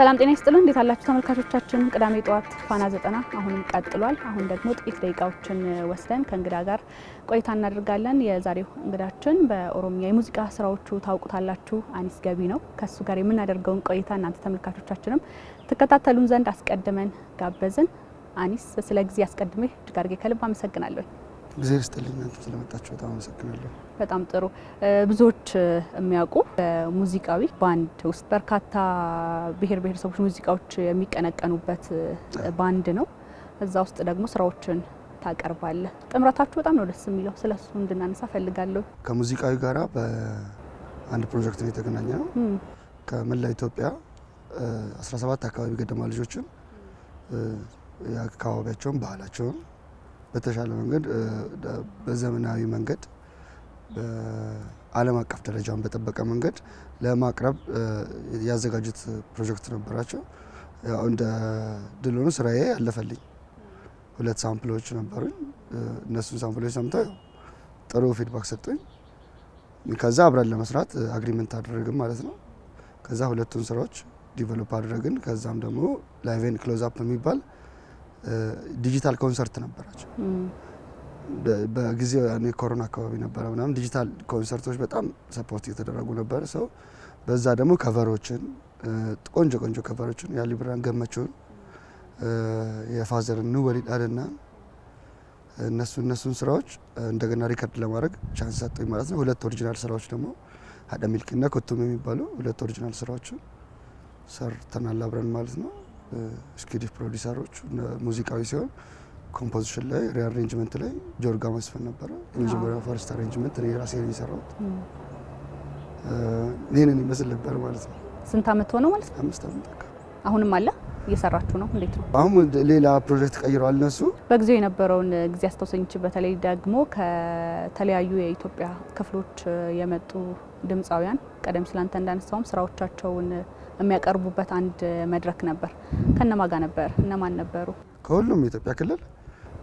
ሰላም ጤና ይስጥልን። እንዴት አላችሁ ተመልካቾቻችን? ቅዳሜ ጠዋት ፋና ዘጠና አሁንም ቀጥሏል። አሁን ደግሞ ጥቂት ደቂቃዎችን ወስደን ከእንግዳ ጋር ቆይታ እናደርጋለን። የዛሬው እንግዳችን በኦሮሚያ የሙዚቃ ስራዎቹ ታውቁታላችሁ አኒስ ገቢ ነው። ከሱ ጋር የምናደርገውን ቆይታ እናንተ ተመልካቾቻችንም ተከታተሉን ዘንድ አስቀድመን ጋበዝን። አኒስ ስለ ጊዜ አስቀድሜ እጅግ አድርጌ ከልብ አመሰግናለሁ። እግዚአብሔር ይስጥልኝ። እናንተ ስለመጣችሁ በጣም አመሰግናለሁ። በጣም ጥሩ። ብዙዎች የሚያውቁ ሙዚቃዊ ባንድ ውስጥ በርካታ ብሔር ብሔረሰቦች ሙዚቃዎች የሚቀነቀኑበት ባንድ ነው። እዛ ውስጥ ደግሞ ስራዎችን ታቀርባለህ። ጥምረታችሁ በጣም ነው ደስ የሚለው። ስለ እሱ እንድናነሳ ፈልጋለሁ። ከሙዚቃዊ ጋራ በአንድ ፕሮጀክት ነው የተገናኘ ነው። ከመላ ኢትዮጵያ 17 አካባቢ ገደማ ልጆችን የአካባቢያቸውን ባህላቸውን በተሻለ መንገድ በዘመናዊ መንገድ ዓለም አቀፍ ደረጃን በጠበቀ መንገድ ለማቅረብ ያዘጋጁት ፕሮጀክት ነበራቸው። እንደ ድል ሆኖ ስራዬ ያለፈልኝ ሁለት ሳምፕሎች ነበሩኝ። እነሱን ሳምፕሎች ሰምተው ጥሩ ፊድባክ ሰጡኝ። ከዛ አብረን ለመስራት አግሪመንት አደረግን ማለት ነው። ከዛ ሁለቱን ስራዎች ዲቨሎፕ አደረግን። ከዛም ደግሞ ላይቬን ክሎዝ አፕ የሚባል ዲጂታል ኮንሰርት ነበራቸው። በጊዜው ያኔ ኮሮና አካባቢ ነበረ ምናምን ዲጂታል ኮንሰርቶች በጣም ሰፖርት እየተደረጉ ነበረ። ሰው በዛ ደግሞ ከቨሮችን ቆንጆ ቆንጆ ከቨሮችን የአሊብራን ገመችውን የፋዘርን ንወሊድ አደና እነሱ እነሱን ስራዎች እንደገና ሪከርድ ለማድረግ ቻንስ ሰጡኝ ማለት ነው። ሁለት ኦሪጂናል ስራዎች ደግሞ ሀደ ሚልክና የሚባሉ ሁለት ኦሪጂናል ስራዎችን ሰርተናል አብረን ማለት ነው። ስኪዲፍ ፕሮዲሰሮች ሙዚቃዊ ሲሆን ኮምፖዚሽን ላይ ሪአሬንጅመንት ላይ ጆርጋ መስፍን ነበረ። የመጀመሪያ ፈርስት አሬንጅመንት እኔ ራሴ ነው የሰራሁት። ይህንን ይመስል ነበር ማለት ነው። ስንት አመት ሆነው ማለት ነው? አምስት አመት አሁንም አለ እየሰራችሁ ነው? እንዴት ነው? አሁን ሌላ ፕሮጀክት ቀይረዋል እነሱ። በጊዜው የነበረውን ጊዜ አስታውሰኞች፣ በተለይ ደግሞ ከተለያዩ የኢትዮጵያ ክፍሎች የመጡ ድምፃውያን ቀደም ሲል አንተ እንዳነሳውም ስራዎቻቸውን የሚያቀርቡበት አንድ መድረክ ነበር። ከነማ ጋር ነበር? እነማን ነበሩ? ከሁሉም የኢትዮጵያ ክልል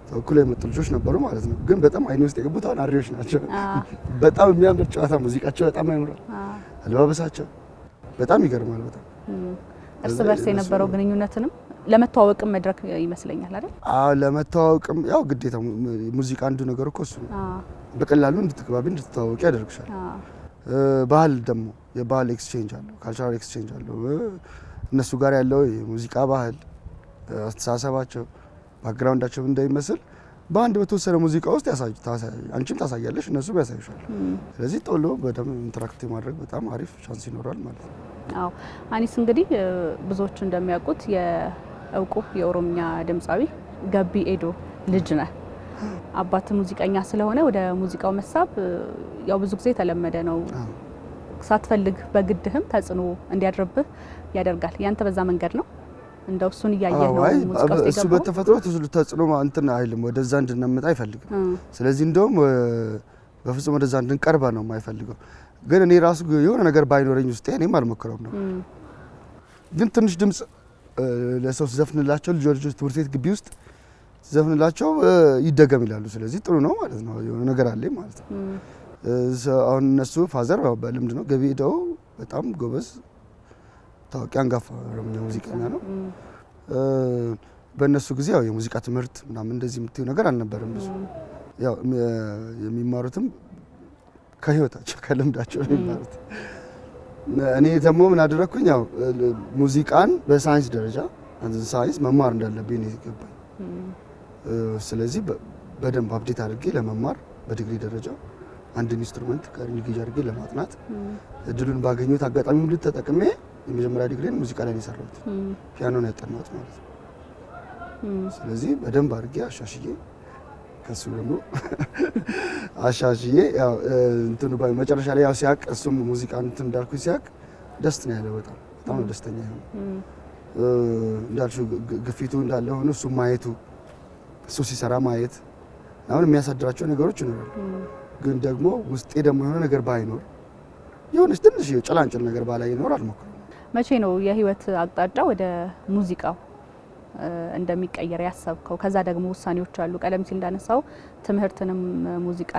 ተወክሎ የመጡ ልጆች ነበሩ ማለት ነው። ግን በጣም አይኔ ውስጥ የገቡት አሁን አሪዎች ናቸው። በጣም የሚያምር ጨዋታ፣ ሙዚቃቸው በጣም ያምራል፣ አለባበሳቸው በጣም ይገርማል። በጣም እርስ በርስ የነበረው ግንኙነትንም ለመተዋወቅም መድረክ ይመስለኛል አይደል? አዎ ለመተዋወቅም ያው ግዴታ ሙዚቃ አንዱ ነገር እኮ እሱ ነው። በቀላሉ እንድትግባቢ እንድትተዋወቂ ያደርግሻል። ባህል ደግሞ የባህል ኤክስቼንጅ አለው፣ ካልቸራል ኤክስቼንጅ አለው። እነሱ ጋር ያለው የሙዚቃ ባህል፣ አስተሳሰባቸው፣ ባክግራውንዳቸው እንደሚመስል በአንድ በተወሰነ ሙዚቃ ውስጥ አንቺም ታሳያለሽ፣ እነሱም ያሳይሻል። ስለዚህ ጦሎ በደንብ ኢንተራክቲቭ ማድረግ በጣም አሪፍ ቻንስ ይኖራል ማለት ነው። አዎ አኒስ እንግዲህ ብዙዎች እንደሚያውቁት የእውቁ የኦሮምኛ ድምፃዊ ገቢ ኤዶ ልጅ ነህ። አባት ሙዚቀኛ ስለሆነ ወደ ሙዚቃው መሳብ ያው ብዙ ጊዜ የተለመደ ነው። ሳትፈልግ በግድህም ተጽዕኖ እንዲያድርብህ ያደርጋል። ያንተ በዛ መንገድ ነው እንደው እሱን እያየህ ነው። እሱ በተፈጥሮ ተጽዕኖ እንትን አይልም፣ ወደዛ እንድንመጣ አይፈልግም። ስለዚህ እንደውም በፍጹም ወደዛ እንድንቀርባ ነው የማይፈልገው። ግን እኔ ራሱ የሆነ ነገር ባይኖረኝ ውስጤ እኔም አልሞክረውም ነው። ግን ትንሽ ድምፅ ለሰው ዘፍንላቸው ልጆች ትምህርት ቤት ግቢ ውስጥ ዘፍንላቸው ይደገም ይላሉ። ስለዚህ ጥሩ ነው ማለት ነው። የሆነ ነገር አለ ማለት ነው። አሁን እነሱ ፋዘር በልምድ ነው ገቢ ሄደው በጣም ጎበዝ ታዋቂ አንጋፋ ኦሮምኛ ሙዚቀኛ ነው። በእነሱ ጊዜ ያው የሙዚቃ ትምህርት ምናምን እንደዚህ የምትዩ ነገር አልነበረም። ብዙ ያው የሚማሩትም ከህይወታቸው ከልምዳቸው ነው የሚማሩት። እኔ ደግሞ ምን አደረግኩኝ? ያው ሙዚቃን በሳይንስ ደረጃ ሳይንስ መማር እንዳለብኝ ነው የገባኝ። ስለዚህ በደንብ አብዴት አድርጌ ለመማር በዲግሪ ደረጃ አንድን ኢንስትሩመንት ከሪሊጌጅ አድርጌ ለማጥናት እድሉን ባገኘሁት አጋጣሚ ሁሉ ተጠቅሜ የመጀመሪያ ዲግሪን ሙዚቃ ላይ የሰራሁት ፒያኖን ያጠናሁት ማለት ነው። ስለዚህ በደንብ አድርጌ አሻሽዬ ከሱ ደግሞ አሻሽዬ እንትኑ መጨረሻ ላይ ያው ሲያቅ እሱም ሙዚቃ እንትን እንዳልኩ ሲያቅ ደስት ነው ያለው። በጣም በጣም ደስተኛ ሆነ እንዳልሽው ግፊቱ እንዳለ ሆኖ እሱም ማየቱ እሱ ሲሰራ ማየት አሁን የሚያሳድራቸው ነገሮች ይኖራሉ። ግን ደግሞ ውስጤ ደግሞ የሆነ ነገር ባይኖር የሆነች ትንሽ ጭላንጭል ነገር ባላይ ይኖር አልሞክርም። መቼ ነው የህይወት አቅጣጫ ወደ ሙዚቃው እንደሚቀየር ያሰብከው? ከዛ ደግሞ ውሳኔዎች አሉ። ቀደም ሲል እንዳነሳው ትምህርትንም ሙዚቃ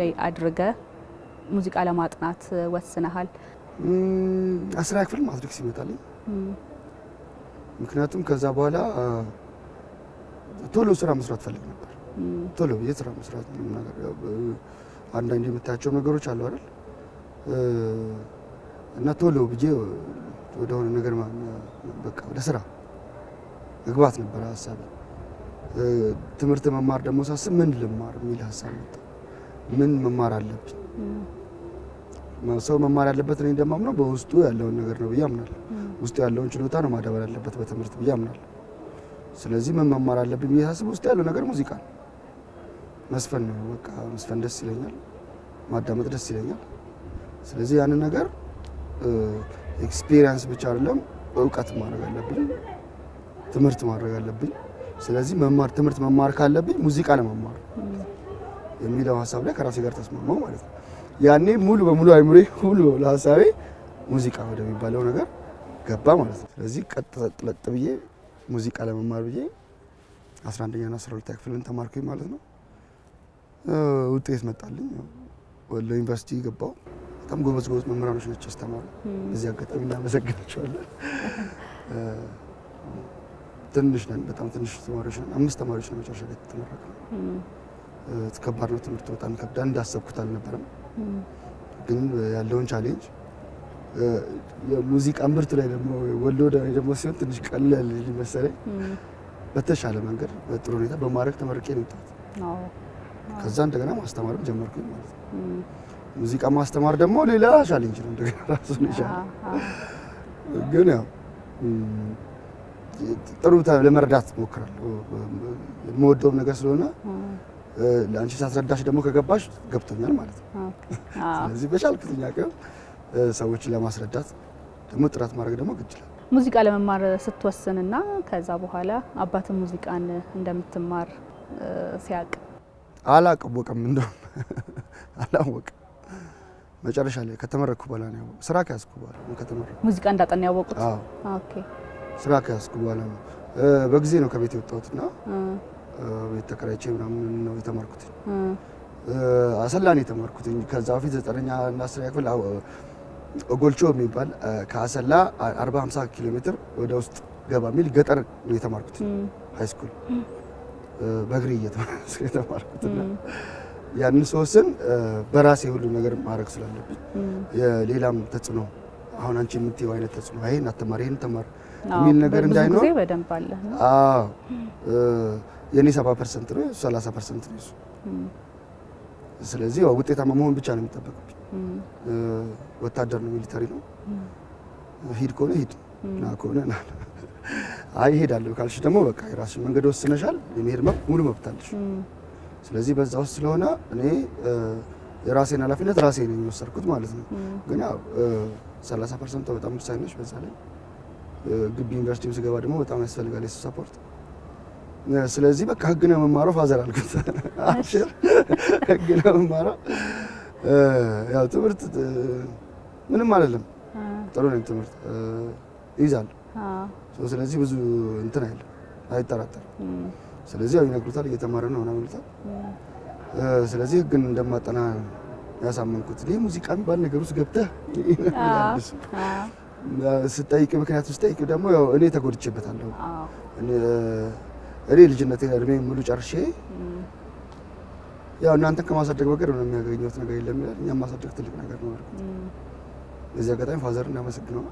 ላይ አድርገ ሙዚቃ ለማጥናት ወስነሃል። አስራ ክፍል ማድረግ ይመጣልኝ። ምክንያቱም ከዛ በኋላ ቶሎ ስራ መስራት ፈልግ ነበር። ቶሎ የስራ መስራት አንዳንድ የምታያቸው ነገሮች አሉ አይደል? እና ቶሎ ብዬ ወደሆነ ነገር በቃ ወደ ስራ መግባት ነበረ ሀሳብ። ትምህርት መማር ደግሞ ሳስብ ምን ልማር የሚል ሀሳብ መጣ። ምን መማር አለብኝ? ሰው መማር ያለበት እኔ እንደማምነው በውስጡ ያለውን ነገር ነው ብዬ አምናለሁ። ውስጡ ያለውን ችሎታ ነው ማዳበር ያለበት በትምህርት ብዬ አምናለሁ። ስለዚህ ምን መማር አለብኝ ብዬ ሳስብ ውስጥ ያለው ነገር ሙዚቃ ነው። መስፈን ነው በቃ መስፈን ደስ ይለኛል፣ ማዳመጥ ደስ ይለኛል። ስለዚህ ያንን ነገር ኤክስፒሪየንስ ብቻ አይደለም እውቀት ማድረግ አለብኝ፣ ትምህርት ማድረግ አለብኝ። ስለዚህ መማር ትምህርት መማር ካለብኝ ሙዚቃ ለመማር የሚለው ሀሳብ ላይ ከራሴ ጋር ተስማማው ማለት ነው። ያኔ ሙሉ በሙሉ አይምሬ ሙሉ በሙሉ ሀሳቤ ሙዚቃ ወደሚባለው ነገር ገባ ማለት ነው። ስለዚህ ቀጥ ለጥ ብዬ ሙዚቃ ለመማር ብዬ 11ኛና 12ኛ ክፍልን ተማርኩኝ ማለት ነው። ውጤት መጣልኝ። ወሎ ዩኒቨርሲቲ ገባው። በጣም ጎበዝ ጎበዝ መምህራኖች ናቸው ያስተማሩ። በዚህ አጋጣሚ እናመሰግናቸዋለን። ትንሽ ነን፣ በጣም ትንሽ ተማሪዎች ነን። አምስት ተማሪዎች ነው መጨረሻ ላይ የተመረቅነው። ከባድ ነው ትምህርቱ፣ በጣም ከብዳ እንዳሰብኩት አልነበረም። ግን ያለውን ቻሌንጅ የሙዚቃን ምርቱ ላይ ደግሞ ወሎ ደግሞ ሲሆን ትንሽ ቀለል ሊመሰለኝ በተሻለ መንገድ በጥሩ ሁኔታ በማድረግ ተመርቄ ነው የወጣሁት። ከዛ እንደገና ማስተማር ጀመርኩ ማለት ነው። ሙዚቃ ማስተማር ደግሞ ሌላ ቻሌንጅ ነው እንደገና ራሱ ይቻላል። ግን ያው ጥሩ ለመረዳት ሞክራለሁ። የምወደውም ነገር ስለሆነ ለአንቺ ሳስረዳሽ ደግሞ ከገባሽ ገብቶኛል ማለት ነው። ስለዚህ በቻልኩት አቅም ሰዎችን ለማስረዳት ደግሞ ጥረት ማድረግ ደግሞ ግድ ይላል። ሙዚቃ ለመማር ስትወስንና ከዛ በኋላ አባትን ሙዚቃን እንደምትማር ሲያቅ አላቅወቅም እንደውም አላወቅም። መጨረሻ ላይ ከተመረኩ በኋላ ነው ያወቅ ስራ ከያዝኩ በኋላ ነው ከተመረኩ ሙዚቃ እንዳጠና ያወቁት። አዎ። ኦኬ ስራ ከያዝኩ በኋላ ነው። በጊዜ ነው ከቤት የወጣሁትና ቤት ተከራይቼ ምናምን ነው የተማርኩት። አሰላ ነው የተማርኩት። ከዛ በፊት ዘጠነኛ እና አስረኛ ክፍል ጎልቾ የሚባል ከአሰላ 450 ኪሎ ሜትር ወደ ውስጥ ገባ የሚል ገጠር ነው የተማርኩት። ሃይስኩል በእግሬ እየተማርኩ የተማርኩት ያንን ስወስን በራሴ ሁሉ ነገር ማድረግ ስላለብኝ የሌላም ተጽዕኖ አሁን አንቺ የምትይው አይነት ተጽዕኖ ይሄን አትማር ይሄን ተማር የሚል ነገር እንዳይኖር የኔ ሰባ ፐርሰንት ነው ሰላሳ ፐርሰንት ነው እሱ ስለዚህ ውጤታማ መሆን ብቻ ነው የሚጠበቅብኝ። ወታደር ነው፣ ሚሊተሪ ነው። ሂድ ከሆነ ሂድ፣ ና ከሆነ ና። አይ ሄዳለሁ ካልሽ ደግሞ በቃ የራስሽ መንገድ ወስነሻል። የመሄድ መብት ሙሉ መብት አለሽ። ስለዚህ በዛ ውስጥ ስለሆነ እኔ የራሴን ኃላፊነት ራሴ ነው የሚወሰድኩት ማለት ነው። ግን ያው 30 ፐርሰንቷ በጣም ወሳኝ ነች። በዛ ላይ ግቢ ዩኒቨርሲቲ ስገባ ደግሞ በጣም ያስፈልጋል የሱ ሰፖርት ስለዚህ በቃ ህግ ነው የምማረው ፋዘር አልኩት። ህግ ነው የምማረው። ያው ትምህርት ምንም አይደለም፣ ጥሩ ነው ትምህርት ይይዛለሁ። ስለዚህ ብዙ እንትን አይልም፣ አይጠራጠርም። ስለዚህ ያው ይነግሩታል፣ እየተማረ ነው ምናምን ይሉታል። ስለዚህ ህግን እንደማጠና ያሳመንኩት ይህ ሙዚቃ የሚባል ነገር ውስጥ ገብተህ ስጠይቅ ምክንያት ስጠይቅ ደግሞ እኔ ተጎድቼበታለሁ እኔ ልጅነት እድሜ ሙሉ ጨርሼ ያው እናንተ ከማሳደግ በቀር ምንም የሚያገኘት ነገር የለም ይላል። እኛም ማሳደግ ትልቅ ነገር ነው አልኩት። በዚህ አጋጣሚ ፋዘር እናመሰግነዋል።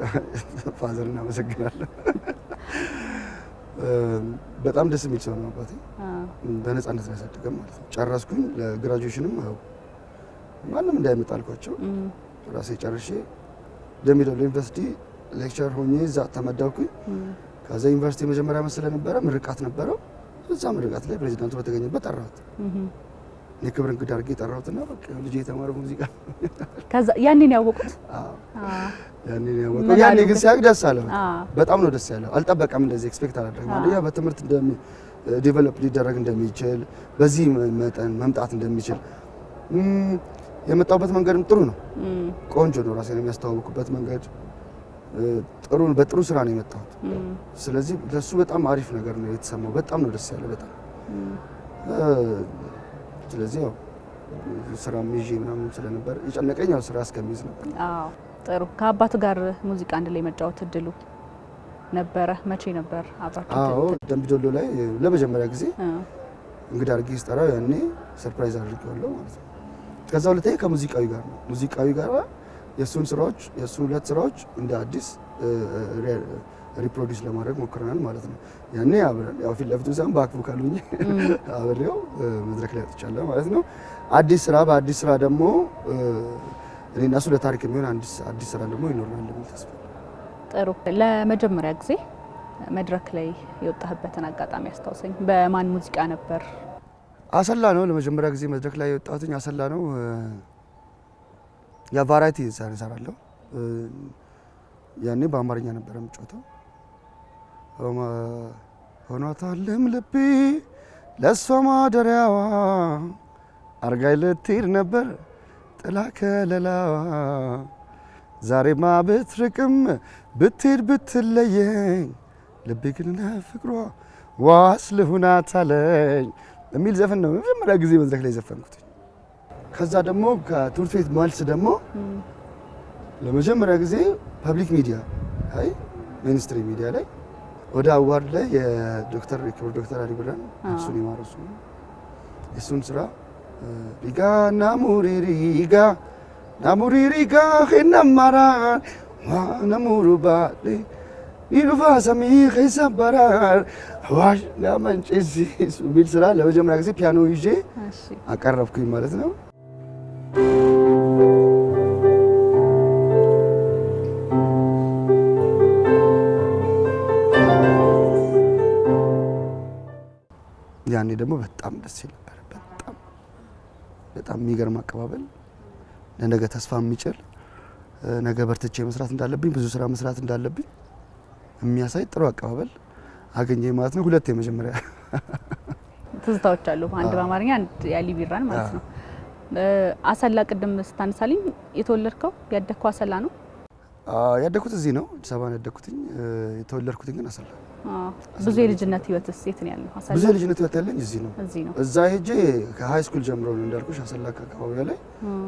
ፋዘር እናመሰግናለን። በጣም ደስ የሚል ሰው ነው አባቴ። በነፃነት ነው ያሳደገን ማለት ነው። ጨረስኩኝ። ለግራጁዌሽንም ያው ማንም እንዳይመጣ አልኳቸው። ራሴ ጨርሼ ደምቢዶሎ ዩኒቨርሲቲ ሌክቸር ሆኜ እዛ ተመደብኩኝ። ከዛ ዩኒቨርሲቲ የመጀመሪያ ዓመት ስለነበረ ምርቃት ነበረው። እዛ ምርቃት ላይ ፕሬዚዳንቱ በተገኘበት ጠራሁት። የክብር እንግዳ አድርጌ ጠራሁትና በቃ ልጅ የተማረ ሙዚቃ ከዛ ያኔን ያወቁት ያኔን ያወቁት። ያኔ ግን ሲያውቅ ደስ አለው። በጣም ነው ደስ ያለው። አልጠበቀም። እንደዚህ ኤክስፔክት አላደረግም። አንደኛ በትምህርት እንደሚ ዲቨሎፕ ሊደረግ እንደሚችል በዚህ መጠን መምጣት እንደሚችል የመጣሁበት መንገድም ጥሩ ነው፣ ቆንጆ ነው። ራሴን የሚያስተዋውቁበት መንገድ ጥሩ በጥሩ ስራ ነው የመጣሁት። ስለዚህ ለሱ በጣም አሪፍ ነገር ነው የተሰማው። በጣም ነው ደስ ያለው። በጣም ስለዚህ ያው ስራ ይዤ ምናምን ስለነበር የጨነቀኝ ያው ስራ እስከሚይዝ ነበር። አዎ ጥሩ። ከአባቱ ጋር ሙዚቃ አንድ ላይ መጫወት እድሉ ነበረ? መቼ ነበር አባቱ? አዎ ደምቢ ላይ ለመጀመሪያ ጊዜ እንግዲህ አድርጌ ስጠራው ያኔ ሰርፕራይዝ አድርጌዋለሁ ማለት ነው። ከዛ ሁለተኛ ከሙዚቃዊ ጋር ነው ሙዚቃዊ ጋር የእሱን ስራዎች የእሱ ሁለት ስራዎች እንደ አዲስ ሪፕሮዲስ ለማድረግ ሞክረናል ማለት ነው። ያኔ አብረን ያው ፊት ለፊቱ ሳይሆን በአክብሩ ካሉኝ አብሬው መድረክ ላይ ወጥቻለሁ ማለት ነው። አዲስ ስራ በአዲስ ስራ ደግሞ እኔ እና እሱ ለታሪክ የሚሆን አዲስ ስራ ደግሞ ይኖረናል የሚል ተስፋ ጥሩ። ለመጀመሪያ ጊዜ መድረክ ላይ የወጣህበትን አጋጣሚ አስታውሰኝ። በማን ሙዚቃ ነበር? አሰላ ነው። ለመጀመሪያ ጊዜ መድረክ ላይ የወጣሁትኝ አሰላ ነው። የቫራይቲ ዲዛይን እሰራለሁ። ያኔ በአማርኛ ነበረ የምጮተው። ሆኗታልም ልቤ ለእሷ ማደሪያዋ አርጋይ ልትሄድ ነበር ጥላ ከለላዋ ዛሬማ ብትርቅም ብትሄድ ብትለየኝ ልቤ ግን ፍቅሯ ዋስ ልሁናት አለኝ የሚል ዘፈን ነው የመጀመሪያ ጊዜ መድረክ ላይ ዘፈንኩት። ከዛ ደግሞ ከትምህርት ቤት መልስ ደግሞ ለመጀመሪያ ጊዜ ፐብሊክ ሚዲያ አይ ሚኒስትሪ ሚዲያ ላይ ወደ አዋርድ ላይ የዶክተር ክብር ዶክተር አሊ ብረን እሱን የማረሱ የእሱን ስራ ቢጋ ናሙሪሪጋ ናሙሪሪጋ ናሙሪ ሪጋ ኸናማራ ይሉፋ ሰሚ ኸይሰበራር አዋሽ ጋመንጭ ሲሱ ቢል ስራ ለመጀመሪያ ጊዜ ፒያኖ ይዤ አቀረብኩኝ ማለት ነው። ደስ ይል ነበር። በጣም በጣም የሚገርም አቀባበል፣ ለነገ ተስፋ የሚጭር ነገ በርትቼ መስራት እንዳለብኝ ብዙ ስራ መስራት እንዳለብኝ የሚያሳይ ጥሩ አቀባበል አገኘ ማለት ነው። ሁለት የመጀመሪያ ትዝታዎች አሉ። አንድ በአማርኛ አንድ ያሊ ቢራን ማለት ነው። አሰላ ቅድም ስታነሳልኝ የተወለድከው ያደግከው አሰላ ነው? ያደኩት እዚህ ነው፣ አዲስ አበባ ነው ያደኩትኝ። የተወለድኩትኝ ግን አሰላ። ብዙ የልጅነት ህይወትስ የት ነው ያለው? ብዙ የልጅነት ህይወት ያለኝ እዚህ ነው። እዛ ሄጄ ከሀይ ስኩል ጀምሮ ነው እንዳልኩሽ፣ አሰላ አካባቢ ላይ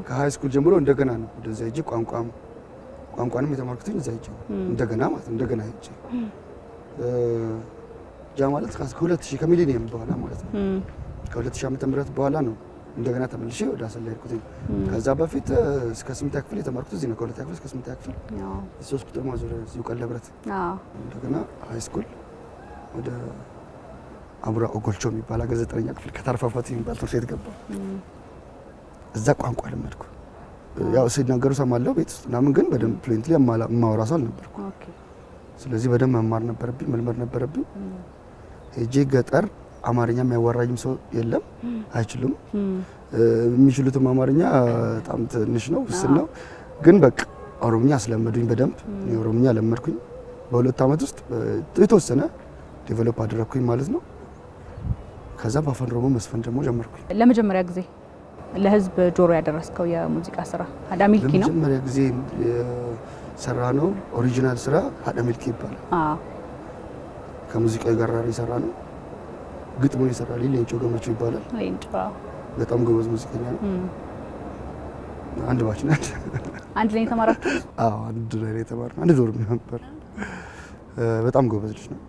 ከሀይ ስኩል ጀምሮ እንደገና ነው ወደዛ ሄጄ ቋንቋም ቋንቋንም የተማርኩትኝ እዛ ሄጄ እንደገና ማለት እንደገና ሄጄ ያ ማለት ከሁለት ሺህ ከሚሊኒየም በኋላ ማለት ነው ከሁለት ሺህ ዓመተ ምህረት በኋላ ነው እንደገና ተመልሼ ወደ አሰላ ሄድኩትኝ። ከዛ በፊት እስከ ስምንተኛ ክፍል የተማርኩት እዚህ ነው። ከሁለተኛ ክፍል እስከ ስምንተኛ ክፍል ሶስት ቁጥር ማዞሪያ እዚሁ ቀለብረት። እንደገና ሀይ ስኩል ወደ አቡራ ኦጎልቾ የሚባል አገር ዘጠነኛ ክፍል ከታርፋፋት የሚባል ትምህርት ቤት ገባ። እዛ ቋንቋ ለመድኩ። ያው ሲናገሩ ሰማለሁ ቤት ውስጥ ምናምን፣ ግን በደንብ ፕሌንትሊ የማወራ ሰው አልነበርኩ። ስለዚህ በደንብ መማር ነበረብኝ፣ መልመድ ነበረብኝ። ሄጄ ገጠር አማርኛ የሚያዋራኝም ሰው የለም፣ አይችልም። የሚችሉትም አማርኛ በጣም ትንሽ ነው፣ ውስን ነው። ግን በቃ ኦሮምኛ አስለመዱኝ በደንብ ኦሮምኛ ለመድኩኝ። በሁለት ዓመት ውስጥ የተወሰነ ዴቨሎፕ አደረግኩኝ ማለት ነው። ከዛ በአፋን ኦሮሞ መስፈን ደግሞ ጀመርኩኝ። ለመጀመሪያ ጊዜ ለህዝብ ጆሮ ያደረስከው የሙዚቃ ስራ ሀዳሚልኪ ነው። ለመጀመሪያ ጊዜ የሰራ ነው ኦሪጂናል ስራ ሀዳሚልኪ ይባላል። ከሙዚቃ ጋር የሰራ ነው ግጥሙን ይሰራል። ሌንጮ ገመቹ ይባላል። በጣም ጎበዝ ሙዚቀኛ ነው። አንድ ባች ናት። አንድ ላይ የተማራችሁ? አዎ፣ አንድ ላይ የተማርነው አንድ ዶርም ነበር። በጣም ጎበዝ ልጅ ነው።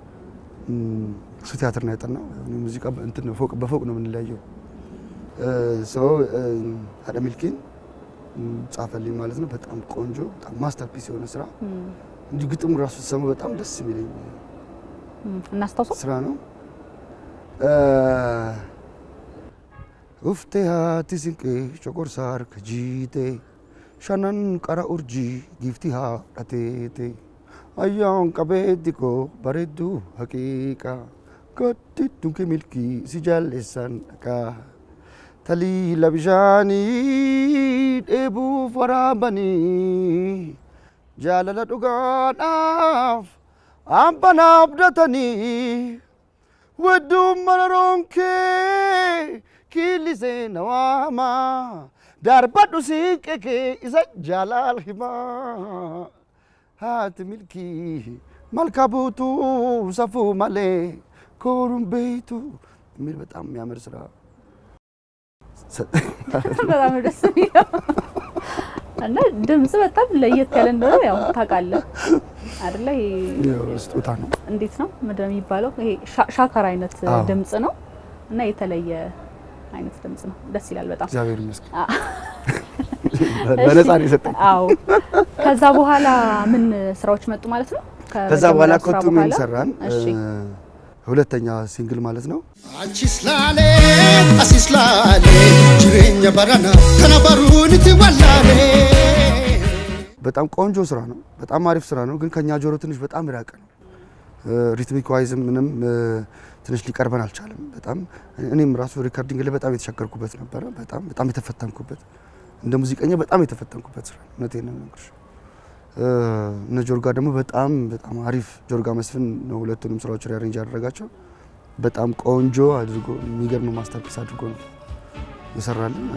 እሱ ቲያትር ነው ያጠናው። ሙዚቃ እንትን ነው፣ ፎቅ በፎቅ ነው የምንለያየው። ሰው ሀደ ሚልኪን ጻፈልኝ ማለት ነው። በጣም ቆንጆ፣ በጣም ማስተርፒስ የሆነ ስራ እንዲሁ ግጥሙ ራሱ ሰሙ በጣም ደስ የሚለኝ እናስታውሰው ስራ ነው። Uftehaa tisinqee coqorsaa harka jiitee shanan qara urjii giiftii haadhateete ayyoon qabeeddi koo bareedduu haqiiqa gotti dunki milkii si jaalleessan dhaqaa taliila bishaanii dheebuuf waraabanii jaalala dhugaadhaaf abbaan abdatanii Wedduumararoonke kiillisee nawaama daarbadhu siiqeke isa jaalaal himaa haati milkii malka buutuu ሰፉ malee ኮሩን ቤቱ የሚል በጣም የሚያምር ስራ በጣም ደስ የሚለው እና ድምጽ በጣም ለየት ያለ እንደሆነ ያው ታውቃለህ። አይደለ? ስጦታ ነው። እንዴት ነው ምንድን የሚባለው? ይሄ ሻካራ አይነት ድምጽ ነው እና የተለየ አይነት ድምፅ ነው። ደስ ይላል በጣም እግዚአብሔር ይመስገን። በነፃ ነው የሰጠኝ። አዎ። ከዛ በኋላ ምን ስራዎች መጡ ማለት ነው? ከዛ በኋላ ኮቱ ምን ሰራን? ሁለተኛ ሲንግል ማለት ነው። አቺስላሌ አሲስላሌ ጅሬኛ ባራና ከነባሩን ትዋላሌ በጣም ቆንጆ ስራ ነው። በጣም አሪፍ ስራ ነው፣ ግን ከኛ ጆሮ ትንሽ በጣም ይራቀ ነው። ሪትሚክ ዋይዝም ምንም ትንሽ ሊቀርበን አልቻለም። በጣም እኔም ራሱ ሪካርዲንግ ላይ በጣም የተቸገርኩበት ነበረ። በጣም በጣም የተፈተንኩበት እንደ ሙዚቀኛ በጣም የተፈተንኩበት ስራ እውነቴን ነው የምነግርሽ። እነ ጆርጋ ደግሞ በጣም በጣም አሪፍ ጆርጋ መስፍን ነው ሁለቱንም ስራዎች ሪያሬንጅ ያደረጋቸው። በጣም ቆንጆ አድርጎ የሚገርም ማስተርፒስ አድርጎ ነው የሰራልን።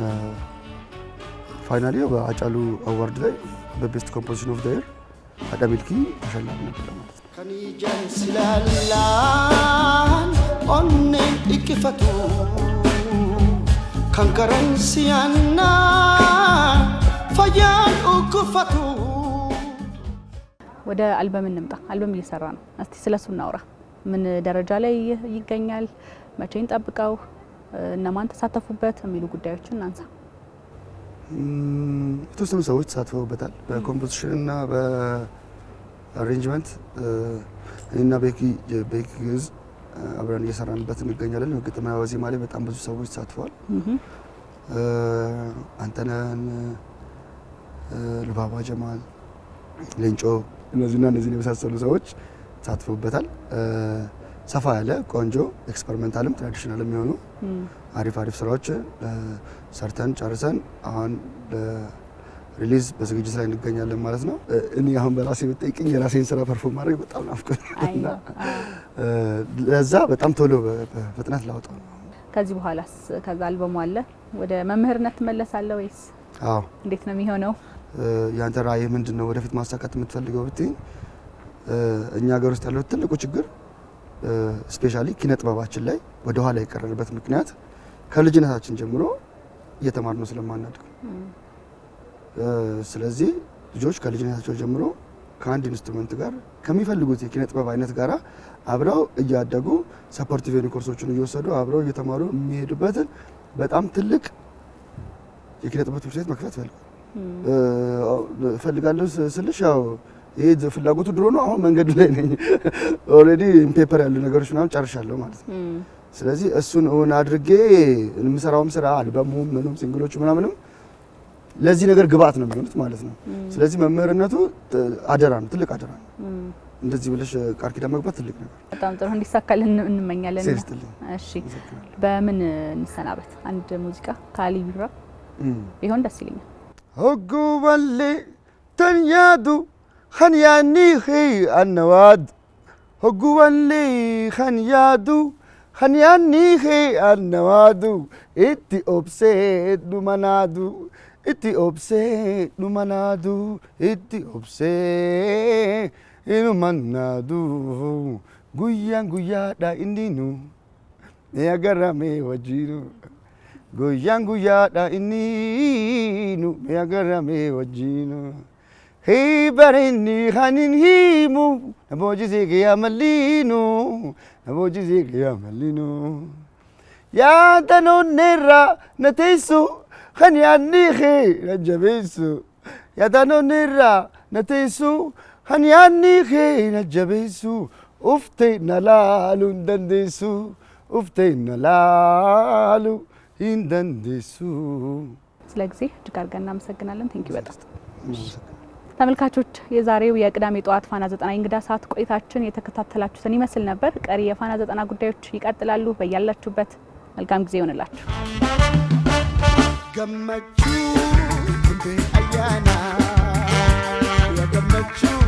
ፋይናሊ በአጫሉ አዋርድ ላይ በቤስት ኮምፖዚሽን ኦፍ ዳየር አዳሚልኪ ተሸላሚ ነበረ ማለት ነው። ከኒጀን ስላላን ኦኔ እቅፈቱ ከንከረንሲያና ፈያን እቅፈቱ ወደ አልበም እንምጣ። አልበም እየሰራ ነው። እስቲ ስለሱ እናውራ። ምን ደረጃ ላይ ይገኛል? መቼ እንጠብቀው? እነማን ተሳተፉበት? የሚሉ ጉዳዮችን አንሳ። የተወሰኑ ሰዎች ተሳትፈውበታል። በኮምፖዚሽን እና በአሬንጅመንት እኔና ቤኪ ግዝ አብረን እየሰራንበት እንገኛለን። ግጥምና በዜማ ላይ በጣም ብዙ ሰዎች ተሳትፈዋል። አንተነን፣ ልባባ ጀማል፣ ሌንጮ እነዚህና እነዚህን የመሳሰሉ ሰዎች ተሳትፈውበታል። ሰፋ ያለ ቆንጆ ኤክስፐሪመንታልም ትራዲሽናልም የሆኑ አሪፍ አሪፍ ስራዎች ሰርተን ጨርሰን አሁን ሪሊዝ በዝግጅት ላይ እንገኛለን ማለት ነው። እኔ አሁን በራሴ ብጠይቅኝ የራሴን ስራ ፐርፎርም ማድረግ በጣም ናፍቆኛልና ለዛ በጣም ቶሎ በፍጥነት ላውጠ ነው። ከዚህ በኋላስ ከዛ አልበሙ አለ ወደ መምህርነት ትመለሳለህ ወይስ? አዎ። እንዴት ነው የሚሆነው? ያንተ ራዕይ ምንድን ነው? ወደፊት ማሳካት የምትፈልገው ብትይኝ፣ እኛ ሀገር ውስጥ ያለው ትልቁ ችግር ስፔሻሊ ኪነ ጥበባችን ላይ ወደኋላ የቀረንበት ምክንያት ከልጅነታችን ጀምሮ እየተማር ነው ስለማናድግ። ስለዚህ ልጆች ከልጅነታቸው ጀምሮ ከአንድ ኢንስትሩመንት ጋር ከሚፈልጉት የኪነ ጥበብ አይነት ጋር አብረው እያደጉ ሰፖርቲቭ የሆኑ ኮርሶችን እየወሰዱ አብረው እየተማሩ የሚሄዱበትን በጣም ትልቅ የኪነ ጥበብ ትምህርት ቤት መክፈት ፈልጋለሁ ስልሽ ያው ይሄ ፍላጎቱ ድሮ ነው። አሁን መንገድ ላይ ነኝ። ኦልሬዲ ፔፐር ያሉ ነገሮች ምናምን ጨርሻለሁ ማለት ነው። ስለዚህ እሱን እውን አድርጌ የምሰራውም ስራ አልበሙም ምንም ሲንግሎቹ ምናምንም ለዚህ ነገር ግብአት ነው የሚሆኑት ማለት ነው። ስለዚህ መምህርነቱ አደራ ነው፣ ትልቅ አደራ ነው። እንደዚህ ብለሽ ቃል ኪዳን መግባት ትልቅ ነገር። በጣም ጥሩ እንዲሳካልን እንመኛለን። እሺ፣ በምን እንሰናበት? አንድ ሙዚቃ ከአሊ ቢራ ይሆን ደስ ይለኛል። ሆጉ በሌ ተንያዱ ኸንያኒ ኸይ አነዋድ ሆጉ በሌ ኸንያዱ ಹನಿಯ ನೀ ಹೇ ಅನ್ನದು ಇಬ್ಬಸೇದ ಇತ್ತಿ ಒಬ್ಬಸೇ ನು ಮನಾದು ಇತಿ ಒಬ್ಬಸೇ ಇನ್ನದು ಗುಹ್ಯಾಂಗು ಯಾ ಇಗರ ಮೇ ವಜಿನು ಗುಹ್ಯಂಗು ಯಾಡೀನು ಮ್ಯಗರ ಮೇ ವಜ್ಜೀನು Hibarini hanin himu nabojizi giyamalino nabojizi giyamalino yadanonera nateisu hanianihi najabesu yadanonera nateisu hanianihi najabesu ufte nalalu dandesu ufte nalalu ይንደንደሱ ስለዚህ እጅግ አድርገን እናመሰግናለን። ቴንኪዩ በጣም ተመልካቾች የዛሬው የቅዳሜ ጠዋት ፋና ዘጠና የእንግዳ ሰዓት ቆይታችን የተከታተላችሁትን ይመስል ነበር። ቀሪ የፋና ዘጠና ጉዳዮች ይቀጥላሉ። በያላችሁበት መልካም ጊዜ ይሆንላችሁ። ገመቹ አያና የገመቹ